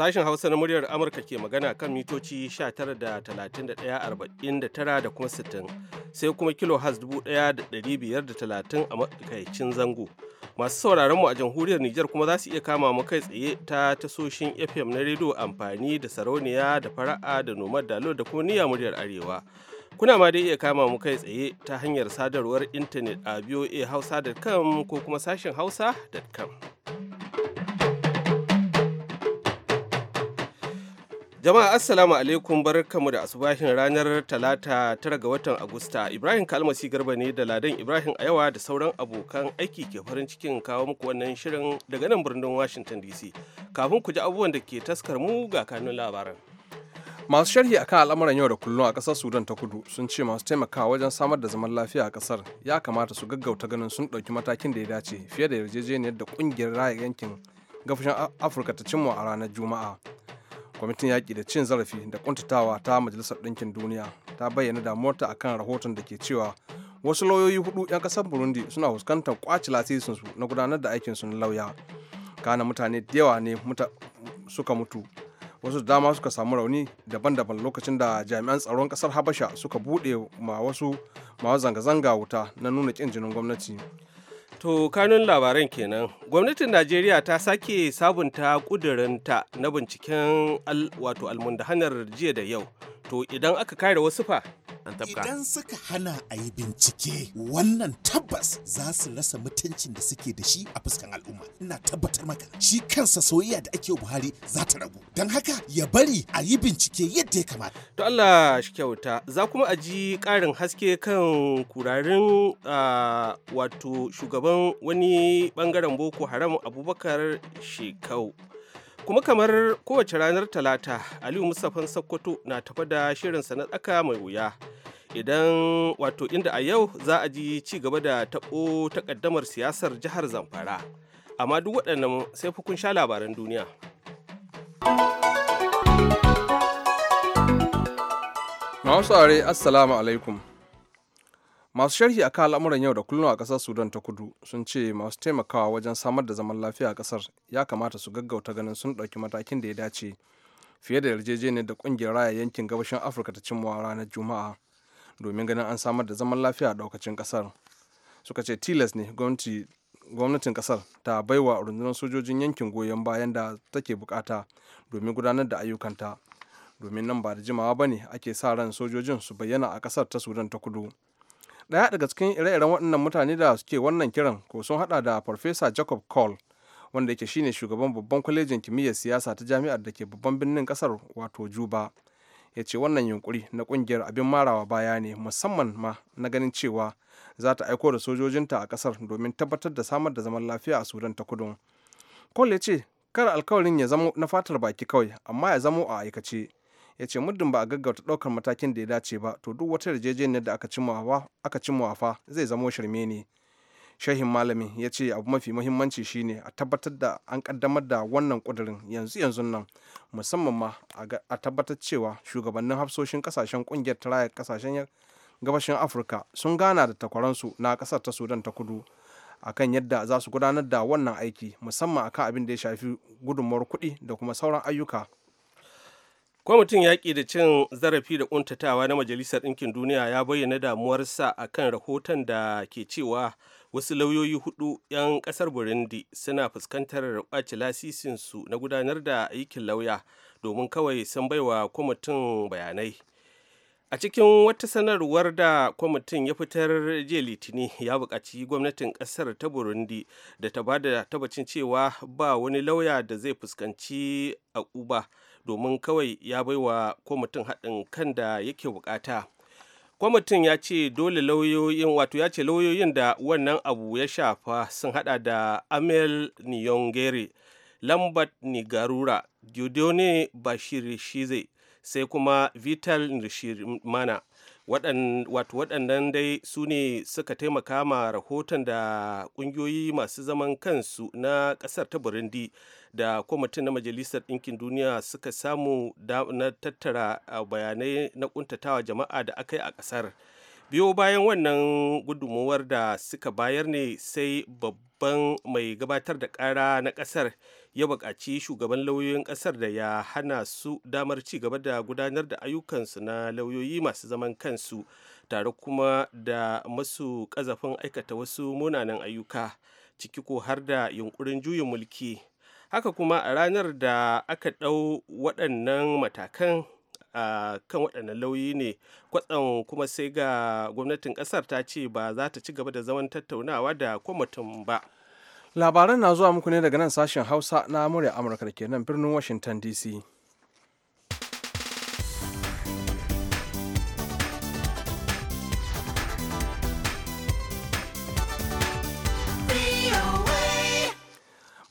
Sashen Hausa na muryar Amurka ke magana kan mitoci 19 da kuma 60 sai kuma kilo has 1530 a matsakaicin zango. Masu sauraron mu a jamhuriyar Nijar kuma za su iya kama mu kai tsaye ta tasoshin FM na rediyo amfani da sarauniya da fara'a da nomad dalo da kuma niyyar muryar arewa. Kuna ma dai iya kama mu kai tsaye ta hanyar sadarwar intanet a voahausa.com ko kuma sashen hausa.com. Jama'a Assalamu alaikum barkamu da asubahin ranar Talata tara ga watan Agusta. Ibrahim Kalmasi Garba ne da Ladan Ibrahim a yawa da sauran abokan aiki ke farin cikin kawo muku wannan shirin daga nan birnin Washington DC. Kafin ku ji abubuwan da ke taskar mu ga kanun labaran. Masu sharhi akan al'amuran yau da kullum a ƙasar Sudan ta kudu sun ce masu taimakawa wajen samar da zaman lafiya a ƙasar ya kamata su gaggauta ganin sun ɗauki matakin da ya dace fiye da yarjejeniyar da ƙungiyar raya yankin gafashin Afirka ta cimma a ranar Juma'a. kwamitin yaƙi da cin zarafi da ƙuntatawa ta majalisar ɗinkin duniya ta bayyana damuwarta akan rahoton da ke cewa wasu lauyoyi hudu 'yan ƙasar burundi suna fuskantar ƙwace lasisinsu na gudanar da aikinsu na lauya kana mutane da yawa ne suka mutu wasu dama suka samu rauni daban-daban lokacin da jami'an tsaron ƙasar habasha suka buɗe ma wasu zanga-zanga wuta na nuna ƙin jinin gwamnati To kanun labaran kenan. Gwamnatin Najeriya ta sake sabunta ƙudurinta na binciken wato almundahanar jiya da yau To idan aka kare wasu fa? an tabka. Idan suka hana a yi bincike wannan tabbas za su rasa mutuncin da suke da shi a fuskan al'umma. Ina tabbatar maka shi kansa soyayya da ake Buhari za ta ragu. Don haka ya bari a yi bincike yadda ya kamata. To Allah shi kyauta za kuma a ji ƙarin haske kan kurarin wato shugaban wani ɓangaren Boko Haram Abubakar Shekau. kuma kamar kowace ranar talata aliyu mustapha sakkwato na tafa da shirinsa na tsaka mai wuya idan wato inda a yau za a ji ci gaba da taɓo takaddamar siyasar jihar zamfara amma duk waɗannan sai kun sha labaran duniya masu are assalamu alaikum masu sharhi akan al'amuran yau da kullum a kasar sudan ta kudu sun ce masu taimakawa wajen samar da zaman lafiya a kasar ya kamata su gaggauta ganin sun ɗauki matakin da ya dace fiye da yarjejeniyar da kungiyar raya yankin gabashin afirka ta cimma ranar juma'a domin ganin an samar da zaman lafiya a ɗaukacin kasar suka ce tilas ne gwamnatin kasar ta baiwa rundunar sojojin yankin goyon bayan da take bukata domin gudanar da ayyukanta domin nan ba da jimawa ba ne ake sa ran sojojin su bayyana a kasar ta sudan ta kudu Ɗaya daga cikin ire-iren waɗannan mutane da suke wannan kiran ko sun haɗa da Farfesa Jacob Kohl, wanda yake shine shugaban babban kwalejin kimiyyar siyasa ta jami'ar da ke babban birnin kasar wato Juba. Ya ce wannan yunkuri na kungiyar abin marawa baya ne musamman ma na ganin cewa za ta aiko da sojojinta a ƙasar domin tabbatar da samar da zaman lafiya a Sudan ta kudu. Kohl ya ce kar alkawarin ya zamo na fatar baki kawai amma ya zamo a aikace. ya ce muddin ba a gaggauta ɗaukar matakin da ya dace ba to duk wata yarjejeniyar da aka ci fa zai zamo shirme ne shehin malami ya ce abu mafi muhimmanci shine a tabbatar da an kaddamar da wannan kudirin yanzu yanzu nan musamman ma a tabbatar cewa shugabannin hafsoshin kasashen kungiyar tarayya kasashen gabashin afirka sun gana da takwaransu na kasar ta sudan ta kudu akan yadda za su gudanar da wannan aiki musamman akan abin da ya shafi gudunmawar kuɗi da kuma sauran ayyuka kwamitin yaƙi da cin zarafi da ƙuntatawa na majalisar ɗinkin duniya ya bayyana damuwarsa a kan rahoton da ke cewa wasu lauyoyi hudu 'yan ƙasar burundi suna fuskantar ɓaci lasisinsu na gudanar da aikin lauya domin kawai sun baiwa kwamitin bayanai a cikin wata sanarwar da kwamitin ya fitar jiya litini ya buƙaci gwamnatin ƙasar ta burundi da ta bada da tabbacin cewa ba wani lauya da zai fuskanci a domin kawai ya baiwa kwamitin haɗin kan da yake bukata kwamitin ya ce dole lauyoyin wato ya ce lauyoyin da wannan abu ya shafa sun hada da amel niyongere lambert nigarura gudone bashir shize sai kuma vital nishimana wato waɗannan dai su ne suka taimaka ma rahoton da ƙungiyoyi masu zaman kansu na ƙasar ta burundi da kwamitin na majalisar ɗinkin duniya suka samu na tattara bayanai na ƙuntatawa jama'a da aka yi a ƙasar biyo bayan wannan gudunmuwar da suka bayar ne sai babban mai gabatar da ƙara na ƙasar ya buƙaci shugaban lauyoyin ƙasar da ya hana su damar ci gaba da gudanar da ayyukansu na lauyoyi masu zaman kansu tare kuma da masu ƙazafin aikata wasu munanan ayyuka ciki ko har da yunkurin juyin mulki haka kuma a ranar da aka ɗau waɗannan matakan a kan waɗannan lauyi ne kwatsan kuma sai ga gwamnatin ƙasar ta ce ba za ta ci gaba da zaman tattaunawa da kwamitin ba. labaran na zuwa muku ne daga nan sashen hausa na murya amurka da ke nan birnin washington dc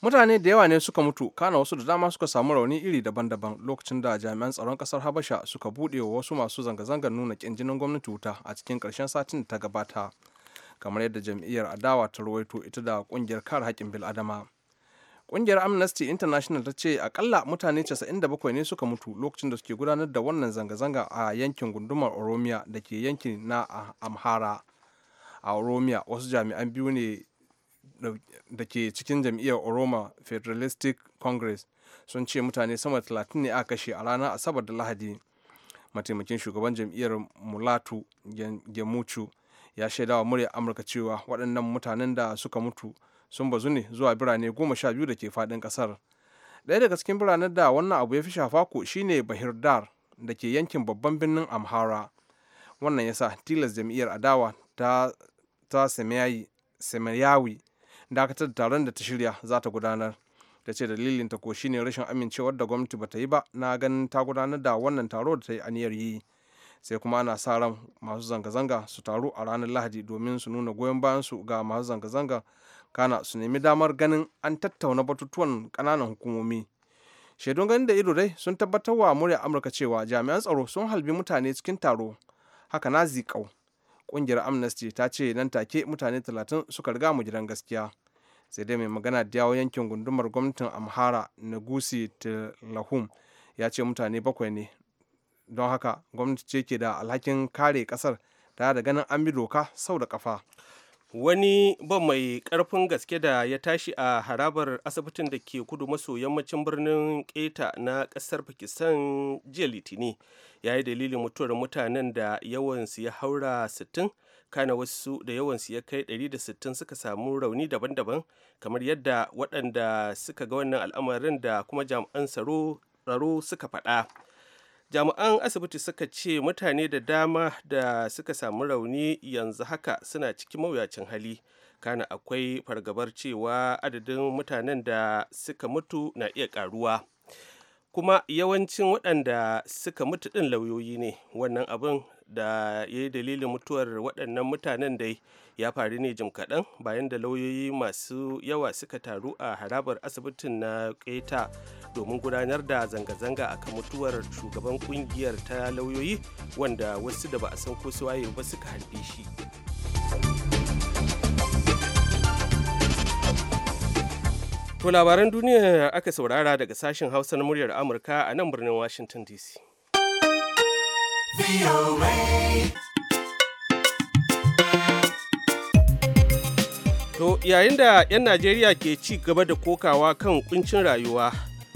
mutane da yawa ne suka mutu kana wasu da dama suka samu rauni iri daban-daban lokacin da jami'an tsaron kasar habasha suka buɗe wa wasu masu zanga-zangar nuna ƙin jinin gwamnati wuta a cikin ƙarshen satin da ta gabata kamar yadda jam'iyyar adawa ta ruwaito ita da kungiyar kare haƙƙin bil'adama kungiyar amnesty international ta ce akalla mutane 97 ne suka mutu lokacin da suke gudanar da wannan zanga-zanga a yankin gundumar oromia da ke yankin na amhara a oromia wasu jami'an biyu ne da ke cikin jam'iyyar oroma federalistic congress sun ce mutane sama da 30 ne aka kashe a ranar asabar da lahadi mataimakin shugaban jam'iyyar mulatu gemuchu ya shaida wa murya amurka cewa waɗannan mutanen da suka mutu sun bazu ne zuwa birane goma sha biyu da ke faɗin ƙasar ɗaya daga cikin biranen da wannan abu ya fi shafa ko shine bahir dar da ke yankin babban birnin amhara wannan yasa tilas jam'iyyar adawa ta ta semayawi dakatar da taron da ta shirya za ta gudanar ta ce dalilin ta ko shine rashin amincewar da gwamnati ba ta yi ba na ganin ta gudanar da wannan taro da ta yi aniyar yi sai kuma ana sa ran masu zanga-zanga su taru a ranar lahadi domin su nuna goyon bayan su ga masu zanga-zanga kana su nemi damar ganin an tattauna batutuwan kananan hukumomi shaidun ganin da ido dai sun tabbatar wa murya amurka cewa jami'an tsaro sun halbi mutane cikin taro haka na zikau ƙungiyar amnesty ta ce nan take mutane talatin suka riga mu gidan gaskiya sai dai mai magana da yawon yankin gundumar gwamnatin amhara ta lahum ya ce mutane bakwai ne don haka gwamnati ce ke da alhakin kare kasar ta da ganin an bi doka sau da kafa wani ban mai karfin gaske da ya tashi a harabar asibitin da ke kudu maso yammacin birnin keta na kasar pakistan jiya litini ya yi dalilin mutuwar mutanen da yawansu ya haura 60 kana wasu da yawansu ya kai 160 suka samu rauni daban-daban kamar yadda waɗanda suka ga wannan al'amarin da kuma jami'an tsaro suka faɗa. jami'an asibiti suka ce mutane da dama da suka samu rauni yanzu haka suna cikin mawuyacin hali kana akwai fargabar cewa adadin mutanen da suka mutu na iya karuwa. kuma yawancin waɗanda suka mutu ɗin lauyoyi ne wannan abin da ya yi dalilin mutuwar waɗannan mutanen dai ya faru ne jim kaɗan bayan da lauyoyi masu yawa suka taru a harabar asibitin na keta domin gudanar da zanga-zanga akan mutuwar shugaban kungiyar ta lauyoyi wanda wasu da ba a san ko suwaye ba suka hanbe shi To labaran duniya aka saurara daga sashen Hausa na muryar Amurka a nan birnin Washington DC. To yayin da 'yan Najeriya ke ci gaba da kokawa kan kuncin rayuwa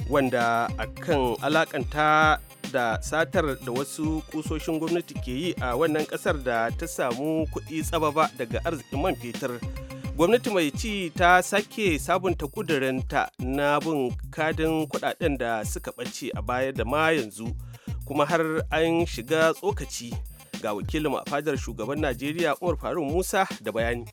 wanda akan alakanta da satar da wasu kusoshin gwamnati ke yi a wannan kasar da ta samu kuɗi tsababa daga arzikin man fetur. gwamnati mai ci ta sake sabunta kudurinta na bin kadin kudaden da suka ɓace a baya da ma yanzu kuma har an shiga tsokaci ga wakilin a fadar shugaban najeriya umar faruk musa da bayani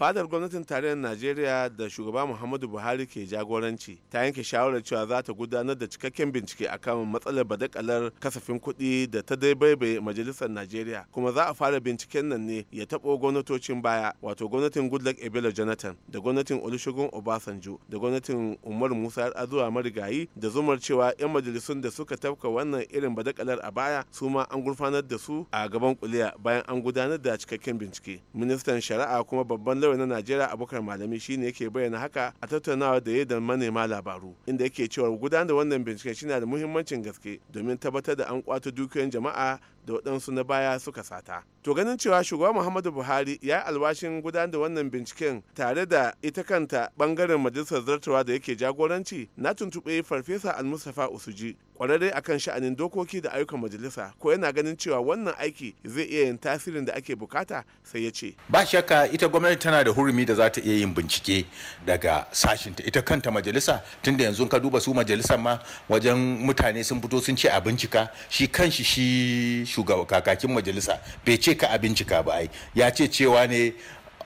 fadar gwamnatin tarayyar najeriya da shugaba muhammadu buhari ke jagoranci ta yanke shawarar cewa za ta gudanar da cikakken bincike akan matsalar badakalar kasafin kuɗi da ta daibaibaye majalisar najeriya kuma za a fara binciken nan ne ya taɓo gwamnatocin baya wato gwamnatin goodluck ebelo jonathan da gwamnatin olusegun obasanjo da gwamnatin umar musa azuwa marigayi da zumar cewa 'yan majalisun da suka tafka wannan irin badakalar a baya su ma an gurfanar da su a gaban kuliya bayan an gudanar da cikakken bincike ministan shari'a kuma babban yau na najeriya abubakar malami shine yake bayyana haka a tattaunawa da ya da manema labaru inda yake cewa gudanar da wannan binciken shine da muhimmancin gaske domin tabbatar da an kwato dukiyoyin jama'a da waɗansu na baya suka sata. To ganin cewa shugaba Muhammadu Buhari ya yi alwashin gudanar da wannan binciken tare da ita kanta bangaren majalisar zartawa da yake jagoranci na tuntuɓe Farfesa Almustafa Usuji ƙwararre akan sha'anin dokoki da ayyukan majalisa ko yana ganin cewa wannan aiki zai iya yin tasirin da ake bukata sai ya ce. Ba shakka ita gwamnati tana da hurumi da za ta iya yin bincike daga sashinta ita kanta majalisa tunda yanzu ka duba su majalisar ma wajen mutane sun fito sun ce a bincika shi kanshi shi shugaba kakakin majalisa bai ce ka a bincika ba ai ya ce cewa ne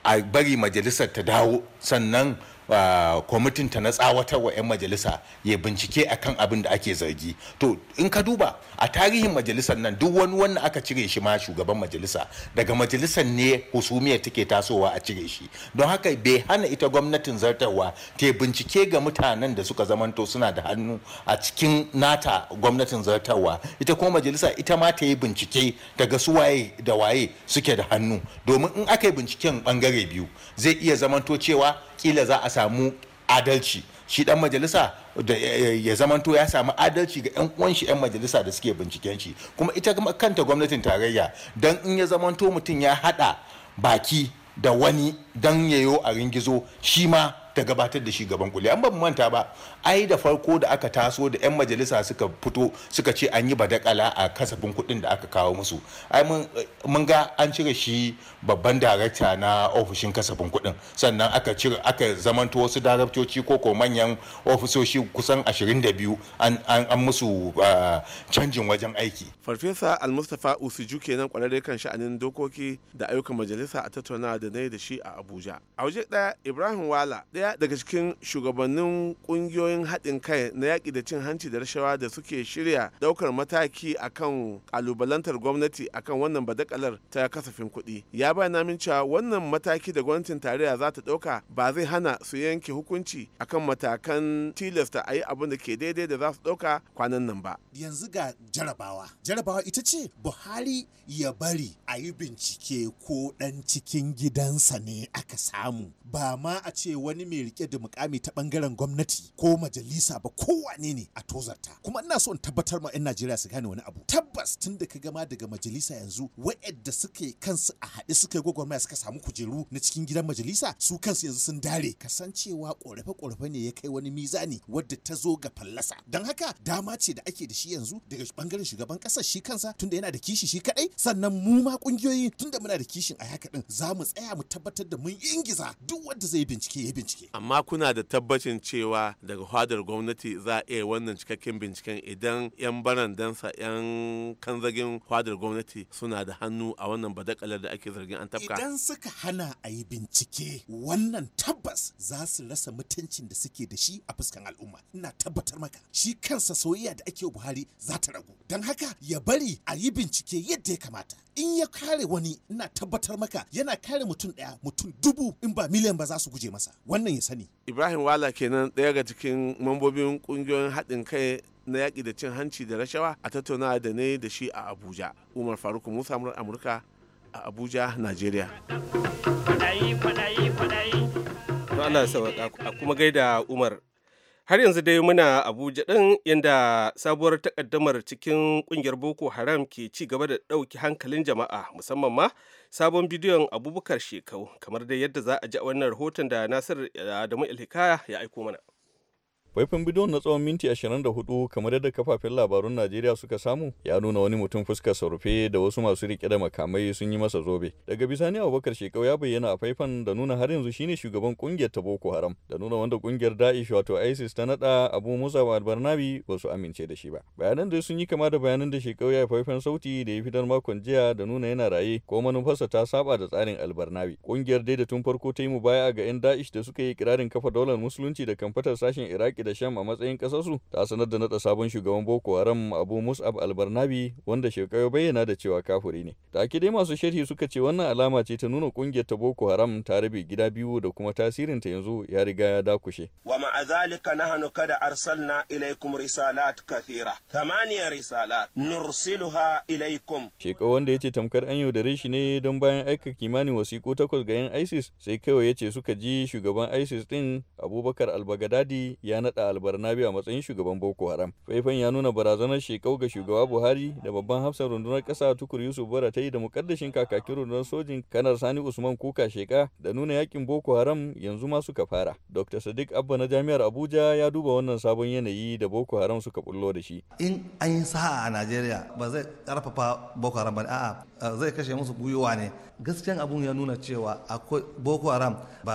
a bari majalisar ta dawo sannan kwamitinta na na tsawatarwa 'yan majalisa ya bincike akan abin da ake zargi to in ka duba a tarihin majalisar nan duk wani wanda aka cire shi ma shugaban majalisa daga majalisar ne husumiyar take tasowa a cire shi don haka bai hana ita gwamnatin zartarwa ta bincike ga mutanen da suka zamanto suna da hannu a cikin nata gwamnatin zartarwa ita kuma majalisa ita ma ta yi bincike daga su waye da waye suke da hannu domin in aka yi binciken bangare biyu zai iya zamanto cewa kila za a samu adalci shi dan majalisa da eh, eh, ya zamanto ya samu adalci ga yan uwan shi yan majalisa da suke binciken shi kuma ita kanta gwamnatin tarayya dan in ya zamanto mutum ya hada baki da wani dan yayo a ringizo shi ma ta gabatar da shi gaban kuli an ban manta ba ai da farko da aka taso da yan majalisa suka fito suka ce an yi badakala a kasafin kuɗin da aka kawo musu ai mun ga an cire shi babban darakta na ofishin kasafin kuɗin sannan aka cire aka zamanto wasu daraktoci ko ko manyan ofisoshi kusan 22 an an musu ah, canjin wajen aiki farfesa almustafa usuju kenan kwararre kan sha'anin dokoki da ayyukan majalisa a tattauna da na da shi a abuja a waje ɗaya ibrahim wala ɗaya ɗaya daga cikin shugabannin ƙungiyoyin haɗin kai na yaƙi da cin hanci da rashawa da suke shirya ɗaukar mataki akan ƙalubalantar gwamnati akan wannan badakalar ta kasafin kuɗi ya bayyana min cewa wannan mataki da gwamnatin tarayya za ta ɗauka ba zai hana su yanke hukunci akan matakan tilasta a yi abin da ke daidai da za su ɗauka kwanan nan ba. Yanzu ga jarabawa. Jarabawa ita ce Buhari ya bari a yi bincike ko ɗan cikin gidansa ne aka samu. Ba ma a ce wani mai rike da mukami ta bangaren gwamnati ko majalisa ba kowane ne a tozarta kuma ina so in tabbatar ma 'yan Najeriya su gane wani abu tabbas tun da ka gama daga majalisa yanzu wa'yadda suke kansu a haɗe suka yi gwagwarmaya suka samu kujeru na cikin gidan majalisa su kansu yanzu sun dare kasancewa korafe-korafe ne ya kai wani mizani wadda ta zo ga fallasa don haka dama ce da ake da shi yanzu daga bangaren shugaban kasa shi kansa tunda yana da kishi shi kadai sannan mu ma kungiyoyi tunda muna da kishin a haka din za mu tsaya mu tabbatar da mun ingiza duk wanda zai bincike ya bincike yake amma kuna da tabbacin cewa daga fadar gwamnati za a iya wannan cikakken binciken idan 'yan barandansa 'yan kanzagin fadar gwamnati suna da hannu a wannan badakalar da ake zargin an tafka idan suka hana a yi bincike wannan tabbas za su rasa mutuncin da suke da shi a fuskan al'umma ina tabbatar maka shi kansa soyayya da ake buhari za ta ragu don haka ya bari a yi bincike yadda ya kamata in ya kare wani ina tabbatar maka yana kare mutum daya mutum dubu in ba miliyan ba za su guje masa wannan ya sani ibrahim wala kenan ɗaya ga cikin mambobin kungiyoyin haɗin kai na yaƙi da cin hanci da rashawa a tattauna da ne da shi a abuja umar faruk musa murar amurka a abuja nigeria to allah ya kuma gaida umar har yanzu dai muna abuja ɗin inda sabuwar takaddamar cikin ƙungiyar boko haram ke ci gaba da ɗauki hankalin jama'a musamman ma sabon bidiyon abubakar shekau kamar dai yadda za a ji wannan rahoton da nasir adamu ilhikaya ya aiko mana Faifin bidiyon na tsawon minti 24 kamar yadda kafafen labarun Najeriya suka samu ya nuna wani mutum fuskar rufe da wasu masu rike da makamai sun yi masa zobe. Daga bisani Abubakar Shekau ya bayyana a faifan da nuna har yanzu shine shugaban kungiyar ta Boko Haram da nuna wanda kungiyar Daesh wato ISIS ta nada Abu Musa wa Barnabi ba su amince da shi ba. Bayanan da sun yi kama da bayanan da Shekau ya faifan sauti da ya fitar makon jiya da nuna yana raye ko manufarsa ta saba da tsarin albarnabi. Kungiyar dai da tun farko ta yi mubaya ga 'yan Daesh da suka yi kirarin kafa daular musulunci da kamfatar sashen Iraki da sham a matsayin kasasu ta sanar da nada sabon shugaban boko haram abu mus'ab albarnabi wanda shekaru bayyana da cewa kafuri ne ta dai masu sharhi suka ce wannan alama ce ta nuna kungiyar ta boko haram ta rabe gida biyu da kuma tasirin ta yanzu ya riga ya dakushe wa ma'a zalika nahnu kada arsalna ilaikum risalat kathira thamaniya risalat nursiluha ilaikum shekaru wanda yace tamkar an yaudare shi ne don bayan aika kimanin wasiku takwas ga yan ISIS sai kawai ce suka ji shugaban ISIS din Abubakar al-Baghdadi ya naɗa albarnabi a matsayin shugaban boko haram faifan ya nuna barazanar shekau ga shugaba buhari da babban hafsan rundunar ƙasa tukur yusuf bara ta yi da mukaddashin kakakin rundunar sojin kanar sani usman kuka sheka da nuna yakin boko haram yanzu ma suka fara dr sadiq abba na jami'ar abuja ya duba wannan sabon yanayi da boko haram suka bullo da shi in an yi sa'a a najeriya ba zai karfafa boko haram ba a'a zai kashe musu gwiwa ne gaskiyan abun ya nuna cewa akwai boko haram ba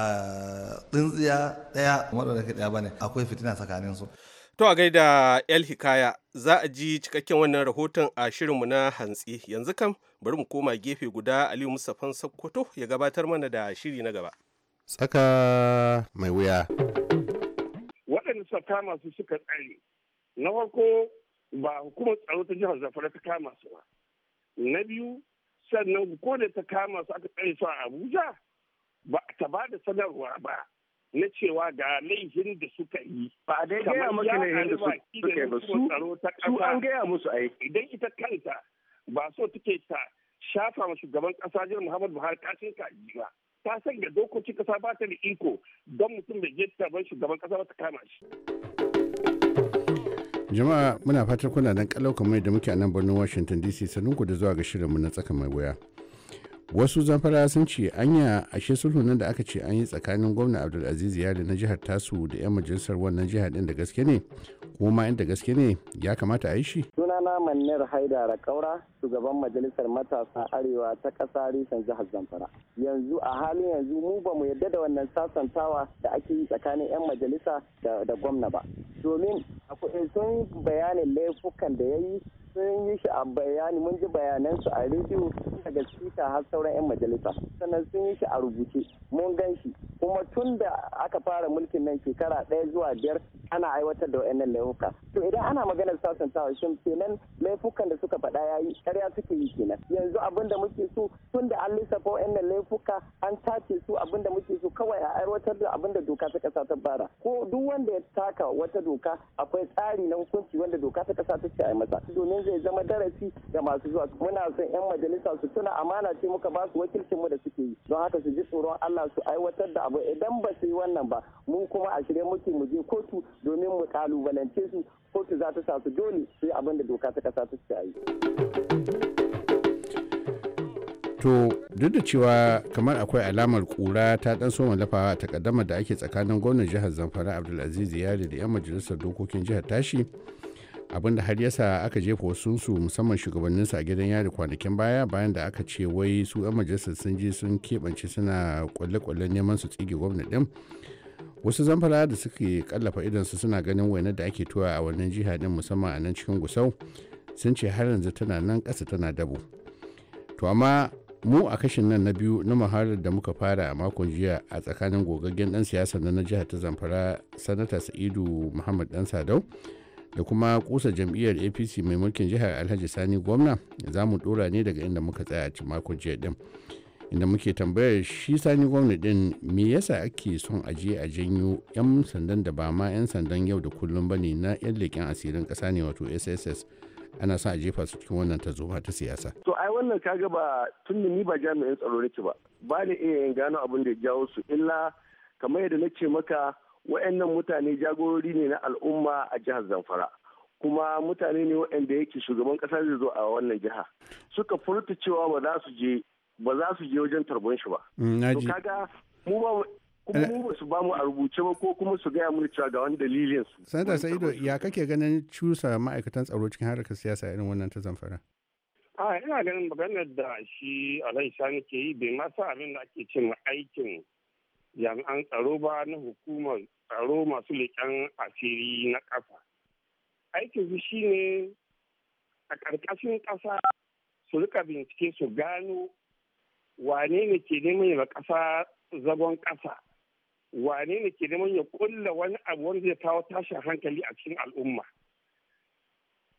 tsintsiya daya kuma da ke daya ne akwai fitina tsakanin tsakaninsu. To a gaida El Hikaya za a ji cikakken wannan rahoton a shirinmu na hantsi yanzu kam bari mu koma gefe guda Aliyu musafan Sokoto ya gabatar mana da shiri na gaba. Tsaka mai wuya. Waɗanda suka kama suka tsare. Na farko ba hukumar tsaro ta jihar zafara ta kama su ba. Na biyu sannan ko da ta kama su aka tsare su a Abuja ba ta ba da sanarwa ba. na cewa ga laifin da suka yi. Ba a dai gaya musu laifin da suka yi ba su an gaya musu Idan ita kanta ba so take ta shafa wa shugaban kasa jiran Muhammadu Buhari kashin kaji ba. Ta san ga dokoki kasa ba ta da iko don mutum da je taron shugaban kasa ba ta kama shi. Jama'a muna fatan kuna nan kalau kamar da muke a nan birnin Washington DC sanin ku da zuwa ga shirinmu na tsaka mai wuya. wasu zamfara sun ce anya ashe sulhu da aka ce an yi tsakanin gwamna abdulaziz da na jihar tasu da 'yan majalisar wannan jihar din da gaske ne ko ma inda gaske ne ya kamata a yi shi sunana manner haidara kaura shugaban majalisar matasa arewa ta ƙasa reshen jihar zamfara yanzu a halin yanzu mu ba mu yadda da wannan sasantawa da ake yi tsakanin 'yan majalisa da gwamna ba domin sun bayanin laifukan da ya yi sun yi shi a bayani mun ji bayanan su a rediyo daga spika har sauran 'yan majalisa sannan sun yi shi a rubuce mun gan shi kuma tun da aka fara mulkin nan shekara ɗaya zuwa biyar ana aiwatar da wa'annan laifuka to idan ana maganar tawa shin kenan laifukan da suka faɗa ya yi ƙarya suke yi kenan yanzu abin da muke so tun da an lissafa wa'annan laifuka an tace su abin da muke so kawai a aiwatar da abin da doka ta ƙasa ta bara ko duk wanda ya taka wata doka akwai tsari na hukunci wanda doka ta ƙasa ta ce a masa wannan zai zama darasi ga masu zuwa muna son 'yan majalisa su tuna amana ce muka ba su wakilcinmu da suke yi don haka su ji tsoron Allah su aiwatar da abu idan ba su yi wannan ba mu kuma a shirye muke mu je kotu domin mu kalubalance su kotu za ta sa su dole su yi abin da doka ta kasa ta ce yi. To duk da cewa kamar akwai alamar kura ta dan so lafawa a takaddama da ake tsakanin gwamnan jihar Zamfara Abdulaziz Yari da 'yan majalisar dokokin jihar tashi abinda har yasa aka jefa wasu su musamman shugabanninsu a gidan yari kwanakin baya bayan da aka ce wai su 'yan majalisar sun je sun keɓance suna kwalle-kwallen neman su tsige gwamna ɗin wasu zamfara da suke kallafa su suna ganin wainar da ake tuwa a wannan jiha din musamman a nan cikin gusau sun ce har yanzu tana nan ƙasa tana dabo to amma mu a kashin nan na biyu na muharar da muka fara a makon jiya a tsakanin gogaggen dan siyasa na jiha ta zamfara sanata sa'idu muhammad dan sadau da kuma kusa jam'iyyar apc mai mulkin jihar alhaji sani gwamna za mu dora ne daga inda muka tsaya a makon jiya din inda muke tambayar shi sani gwamna din me yasa ake son aje a janyo 'yan sandan da ba ma 'yan sandan yau da kullum ba ne na 'yan leƙen asirin ƙasa ne wato sss ana sa a jefa su cikin wannan tarzoma ta siyasa. To ai wannan kaga ba tun da ni ba jami'in tsaro nake ba ba ni iya yin gano abin da ya jawo su illa kamar yadda nace maka wa'annan mutane jagorori ne na al'umma a jihar zamfara kuma mutane ne wa'anda yake shugaban kasa zai zo a wannan jiha suka furta cewa ba za su je wajen tarbon shi ba mm, kaga mu ba kuma su ba mu a rubuce ba ko kuma su gaya mu cewa ga wani dalilin sanata sa'ido ya kake ganin cusa ma'aikatan tsaro cikin harkar siyasa irin wannan ta zamfara a ina ganin maganar da shi alai sani ke yi bai masa abin da ake cin aikin jami'an tsaro ba na hukumar tsaro masu leƙen asiri na ƙasa aikin su shine a ƙarƙashin ƙasa su rika bincike su gano wane ne ke neman ya ƙasa zagon ƙasa wane ne ke neman ya ƙulla wani abu wanda zai kawo tashin hankali a cikin al'umma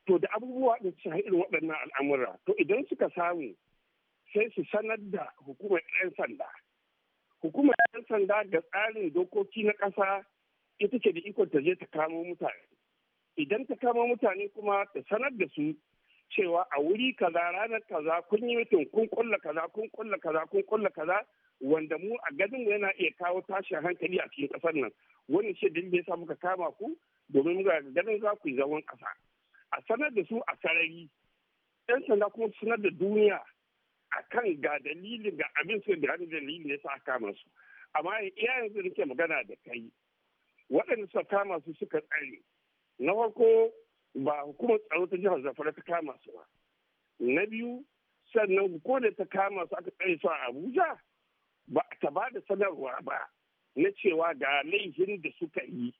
to da abubuwa da su irin waɗannan al'amura to idan suka samu sai su sanar da hukumar 'yan sanda hukumar 'yan sanda da tsarin dokoki na ƙasa ita ce da ikon ta je ta kamo mutane idan ta kamo mutane kuma ta sanar da su cewa a wuri kaza ranar kaza kun yi mutum kun kulla kaza kun kulla kaza kun kulla kaza wanda mu a gadin yana iya kawo tashin hankali a cikin kasar nan wani ce shi da sa muka kama ku domin muka ganin za ku yi zaman kasa a sanar da su a sarari yan sanda kuma sanar da duniya akan ga dalilin ga abin su da dalilin sa kama su amma iya yanzu nake magana da kai waɗanda suka kama su suka tsare na farko ba hukumar tsaro ta jihar zafara ta kama su ba na biyu sannan ko da ta kama su aka tsare su a abuja ba ta ba da sanarwa ba na cewa ga laifin da suka yi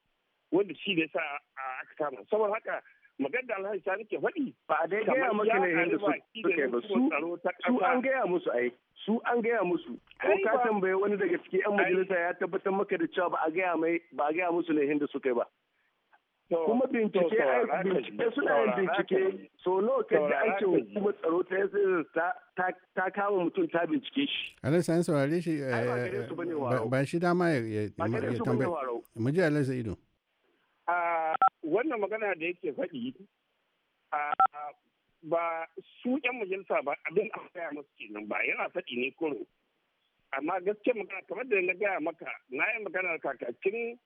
wanda shi ne sa aka kama saboda haka magan da alhaji sani ke faɗi ba a dai gaya maka ne yadda suka ba su an gaya musu ai su an gaya musu ko ka tambaye wani daga cikin yan majalisa ya tabbatar maka da cewa ba a gaya mai ba a gaya musu ne da suka ba kuma bincike bincike suna yin bincike so n'o ka ji an ce hukumar tsaro ta yasa ta kama mutum ta bincike shi alai sani saurare shi eh, eh, ba shi dama ya tambaye mu ji alai ido wannan magana da yake faɗi ba su ƴan majalisa ba abin a gaya masu kenan ba yana faɗi ne kuro amma gaske magana kamar da na gaya maka na yi magana kakakin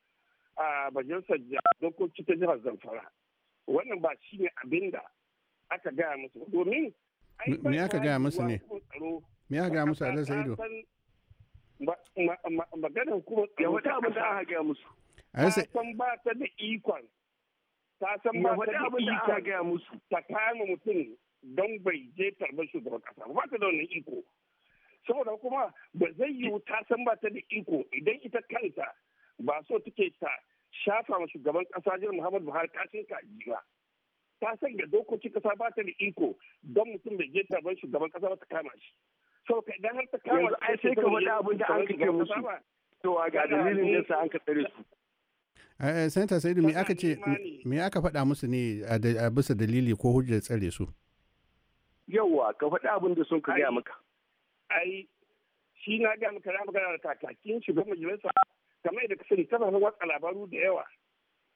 majalisar dokoki ta jihar zamfara wannan ba shi ne abin da aka gaya musu domin me aka gaya musu ne me aka gaya musu a lasa ido maganar kuma ya wata abin da aka gaya musu a san ba ta da ikon ta san da gaya musu ta kama mutum don bai je tarbar shugaban kasa ba ta da wannan iko saboda kuma ba zai yiwu ta san ba ta da iko idan ita kanta ba so take ta shafa ma shugaban kasa jiyar muhammadu buhari kashin kaji ba ta san ga dokokin kasa ba ta da iko don mutum bai je tarbar shugaban kasa ba ta kama shi saboda idan har ta kama shi sai ka wani abin da an kike musu to ga dalilin da sa an ka tsare su Eh, eh, Santa Sa'idu me aka ce me aka faɗa musu ne a bisa dalili ko hujjar tsare su? Yawwa ka faɗa abin da sun ka gaya maka. Ai shi na gaya maka na magana da kakakin ba majalisa kamar yadda ka sani kafafen watsa labaru da yawa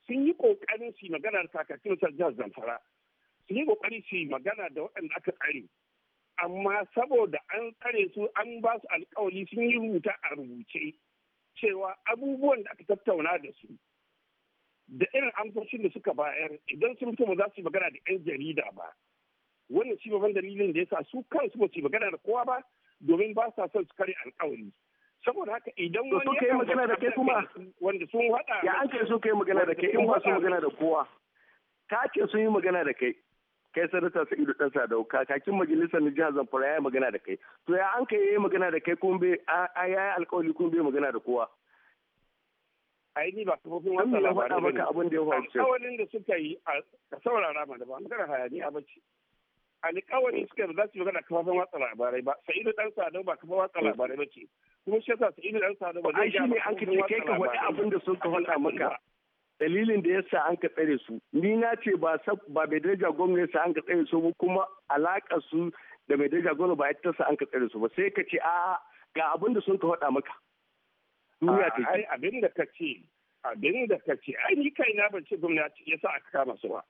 sun yi kokarin su magana da kakakin sa jihar Zamfara sun yi ƙoƙarin su magana da waɗanda aka tsare amma saboda an tsare su an ba su alkawari sun yi rubuta a rubuce cewa abubuwan da aka tattauna da su da irin amsoshin da suka bayar idan sun fito ba za su magana da 'yan jarida ba wannan shi babban dalilin da ya sa su kansu ba su yi magana da kowa ba domin ba sa son su kare alkawari saboda haka idan wani ya yi magana da kai kuma wanda sun hada ya an su kai magana da kai in ba su magana da kowa ka ce sun yi magana da kai kai sanata sa ido dan sadauka kakin majalisar na jihar zamfara ya yi magana da kai to ya an kai ya yi magana da kai kuma bai ya yi alkawari kuma bai magana da kowa ai ni ba kafofin watsa labarai ba ne abin da ya faru alƙawarin da suka yi a saurara ma da ba magana hayaniya ba ce alƙawari suka yi za su yi magana kafafen watsa labarai ba sa'idu dan sadau ba kafafen watsa labarai ba ce kuma shi yasa sa'idu dan sadau ba zai ga ba an kace kai ka abin da suka faɗa maka dalilin da yasa an ka tsare su ni na ce ba ba bai daraja gwamna yasa an ka tsare su ba kuma alaƙar su da bai daraja gwamna ba ya tasa an ka tsare su ba sai ka ce a'a ga abin da sun ka faɗa maka duniya ta ai abin da ka ce abin da ka ce ai ni kaina ban ce gwamnati ya sa aka kama su ba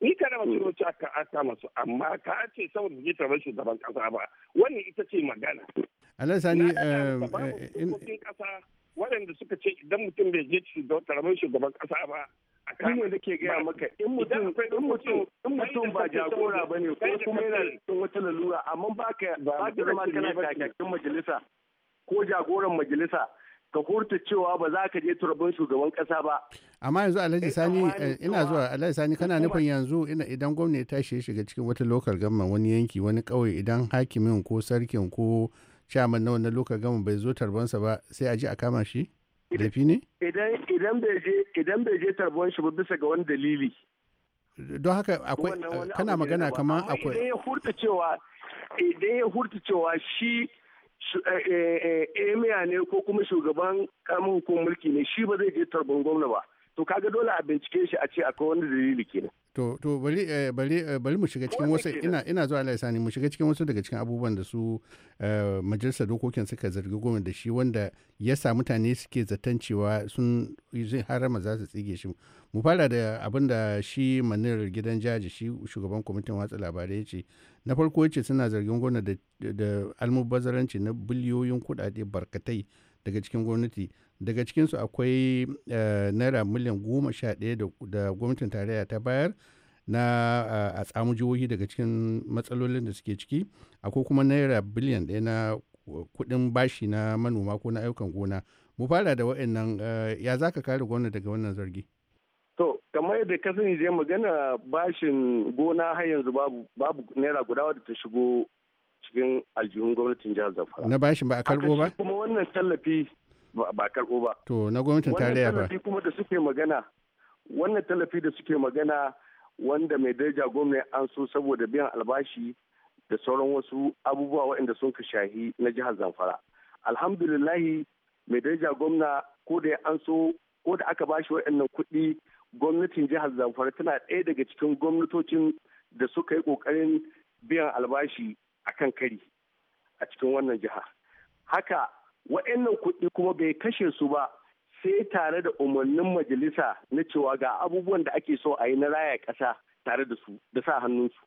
ni kana mace hmm. wacce aka aka masu amma ka ce saboda zai tarar shugaban kasa ba wannan ita ce magana Allah sani eh kasa eh, waɗanda suka ce idan mutum bai je shugaban shugaban kasa ba a kan da ke gaya maka in mutum in mutum in mutum ba ne ko kuma yana da wata lalura amma ba baka ba ka zama kana kakakin majalisa ko jagoran majalisa ka hurta cewa ba za ka je turbin shugaban kasa ba amma yanzu alhaji sani eh, ina zuwa alhaji sani kana nufin yanzu ina idan gwamnati ta shiga cikin wata lokal government wani yanki wani kauye idan hakimin ko sarkin ko chairman na wannan lokal government bai zo tarbansa ba sai a ji a kama shi laifi ne idan bai je idan bai je tarbon shi ba bisa ga wani dalili don haka akwai kana magana kamar akwai idan ya hurta cewa idan ya hurta cewa shi Eh, eh, eh, emia ne ko kuma shugaban kamun hukumar mulki ne shi ba zai je tarban gwamna ba to kaga dole a bincike shi a ce akwai wani dalili kenan to to bari eh, bari eh, bari mu shiga cikin wasu ina ina zuwa Allah sani mu shiga cikin wasu daga cikin abubuwan da su eh, majalisar dokokin suka zargi goma da shi wanda ya sa mutane suke zaton cewa sun zai harama za su tsige shi mu fara da abin da shi manir gidan jaji shi shugaban kwamitin watsa labarai ce na farko yace suna zargin gwamnati da almubazaranci na biliyoyin kuɗaɗe barkatai daga cikin gwamnati daga cikinsu akwai eh, naira miliyan goma sha ɗaya da gwamnatin tarayya ta bayar na eh, a tsamu jihohi daga cikin matsalolin da suke ciki akwai kuma naira biliyan ɗaya na kuɗin bashi na manoma ko na ayyukan gona mu fara da wa'annan eh, ya za ka kare gwamna daga wannan zargi to kamar yadda ka sani je magana bashin gona har yanzu babu babu naira guda wadda ta shigo cikin aljihun gwamnatin jihar zamfara na bashin ba a karbo ba kuma wannan tallafi ba karbo ba to na gwamnatin tarayya ba wannan kuma da suke magana wannan tallafi da suke magana wanda mai daraja gwamna an so saboda biyan albashi da sauran wasu abubuwa waɗanda sun ka shahi na jihar zamfara alhamdulillah mai daraja gwamna ko da ya an so ko da aka bashi waɗannan kuɗi gwamnatin jihar zamfara tana ɗaya daga cikin gwamnatocin da suka yi ƙoƙarin biyan albashi a kan kari a cikin wannan jiha haka wa'annan kuɗi kuma bai kashe su ba sai tare da umarnin majalisa na cewa ga abubuwan da ake so a yi na raya ƙasa tare da su da sa hannunsu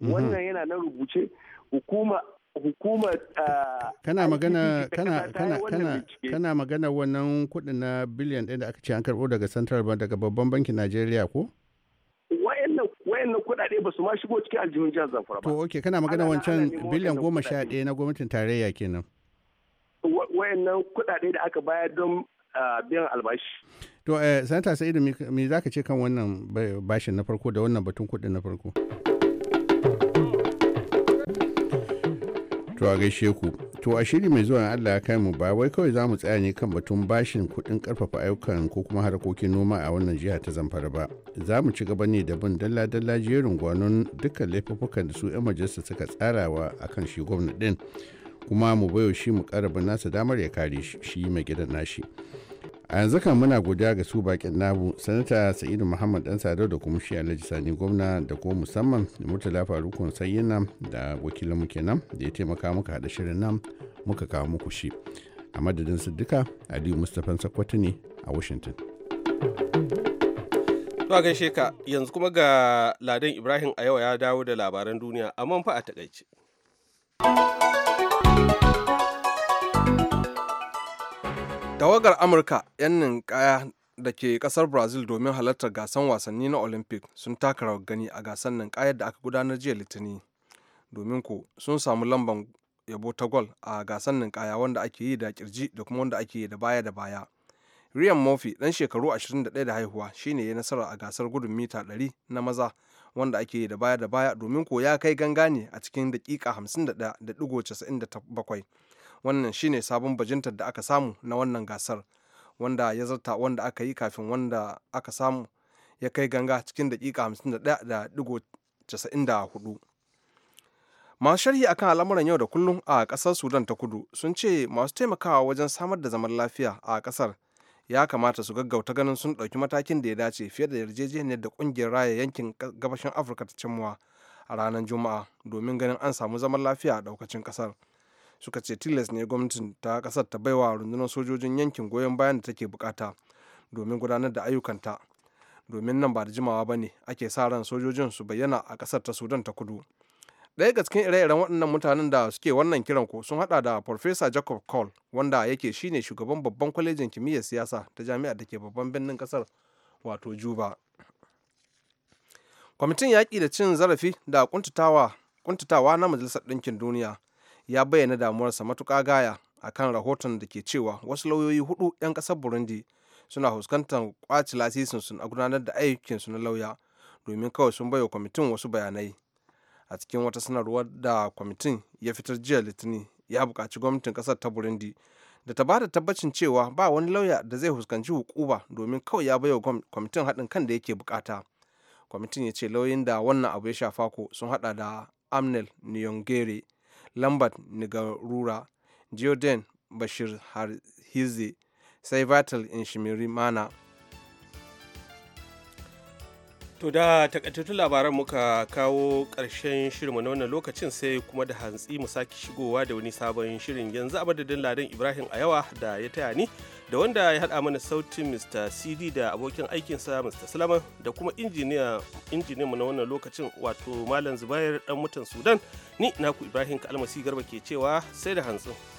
mhm. wannan yana na rubuce hukuma hukuma ah, kana magana kana kana kana kana magana wannan kuɗi na biliyan ɗaya da aka ce an karɓo daga central bank daga babban bankin najeriya ko wayannan kuɗaɗe ba su ma shigo cikin aljihun jihar zamfara ba to okay kana magana wancan biliyan goma sha ɗaya na gwamnatin tarayya kenan wayannan kuɗaɗe da aka bayar don biyan albashi. To, eh, Sanata Sa'idu, me za ka ce kan wannan bashin na farko da wannan batun kuɗin na farko? To, a gaishe ku. To, a shiri mai zuwa Allah ya kai mu ba wai kawai za mu tsaya ne kan batun bashin kuɗin karfafa ayyukan ko kuma harkokin noma a wannan jiha ta Zamfara ba. Za mu ci gaba ne da bin dalla-dalla jerin gwanon dukkan laifuffukan da su 'yan majalisa suka tsarawa akan shi gwamna din. kuma mu bayo shi mu karabin nasa damar ya kare shi mai gidan nashi a yanzu kan muna godiya ga su bakin nabu sanata sa'idu muhammad dan sadau da kuma shi alhaji sani gwamna da kuma musamman da murtala farukun nan da wakilin muke kenan da ya taimaka muka hada shirin nan muka kawo muku shi a madadin su duka aliyu mustapha sakwata ne a washington to gaishe ka yanzu kuma ga ladan ibrahim a yau ya dawo da labaran duniya amma fa a takaice tawagar amurka 'yan ninkaya da ke kasar brazil domin halartar gasar wasanni na olympic sun taka rawar gani a gasar ninkayar da aka gudanar jiya litini domin ko sun samu lamban yabo ta gol a gasar ninkaya wanda ake yi da kirji da kuma wanda ake yi da baya da baya Ryan Murphy dan shekaru 21 da haihuwa shine ya nasara a gasar gudun mita 100 na maza wanda ake yi da baya da baya domin ko ya kai ganga ne a cikin dakika 51.97 wannan shine sabon bajintar da aka samu na wannan gasar wanda ya zarta wanda aka yi kafin wanda aka samu ya kai ganga cikin daƙiƙa 51.94 masu sharhi akan al'amuran yau da kullum a ƙasar sudan ta kudu sun ce masu taimakawa wajen samar da zaman lafiya a ƙasar ya kamata su gaggauta ganin sun ɗauki matakin da ya dace fiye da yarjejeniyar da ƙungiyar raya yankin gabashin afirka ta cimma a ranar juma'a domin ganin an samu zaman lafiya a ɗaukacin ƙasar. suka ce tilas ne gwamnatin ta kasar ta baiwa rundunar sojojin yankin goyon bayan da take bukata domin gudanar da ayyukanta domin nan ba da jimawa ba ne ake sa ran sojojin su bayyana a kasar ta sudan ta kudu ɗaya ga cikin ire-iren waɗannan mutanen da suke wannan kiran ko sun haɗa da farfesa jacob cole wanda yake shine shugaban babban kwalejin kimiyyar siyasa ta jami'ar da ke babban birnin kasar wato juba kwamitin yaƙi da cin zarafi da ƙuntatawa na majalisar ɗinkin duniya ya bayyana damuwarsa matuƙa gaya a kan rahoton da ke cewa wasu lauyoyi hudu 'yan ƙasar burundi suna huskantar kwaci lasisinsu a gudanar da aikinsu na lauya domin kawai sun baiwa kwamitin wasu bayanai a cikin wata sanarwar da kwamitin ya fitar jiya litinin ya buƙaci gwamnatin ƙasar ta burundi da ta bada tabbacin cewa ba wani lauya da zai huskanci hukuma domin kawai ya baiwa kwamitin haɗin kan da yake bukata kwamitin ya ce lauyoyin da wannan abu ya shafa ko sun haɗa da amnel niyongere lambert nigarura jordan bashir hargitse sai vital inshimirimana To da takaitattun labaran muka kawo ƙarshen shirinmu na wannan lokacin sai kuma da hantsi mu sake shigowa da wani sabon shirin yanzu a madadin ladan Ibrahim ayawa da ya taya ni da wanda ya haɗa mana sautin mr cd da abokin aikinsa mr salaman da kuma injiniya mu na wannan lokacin wato malam zubair dan mutan sudan ni naku ibrahim kalmasi garba ke cewa sai da hantsin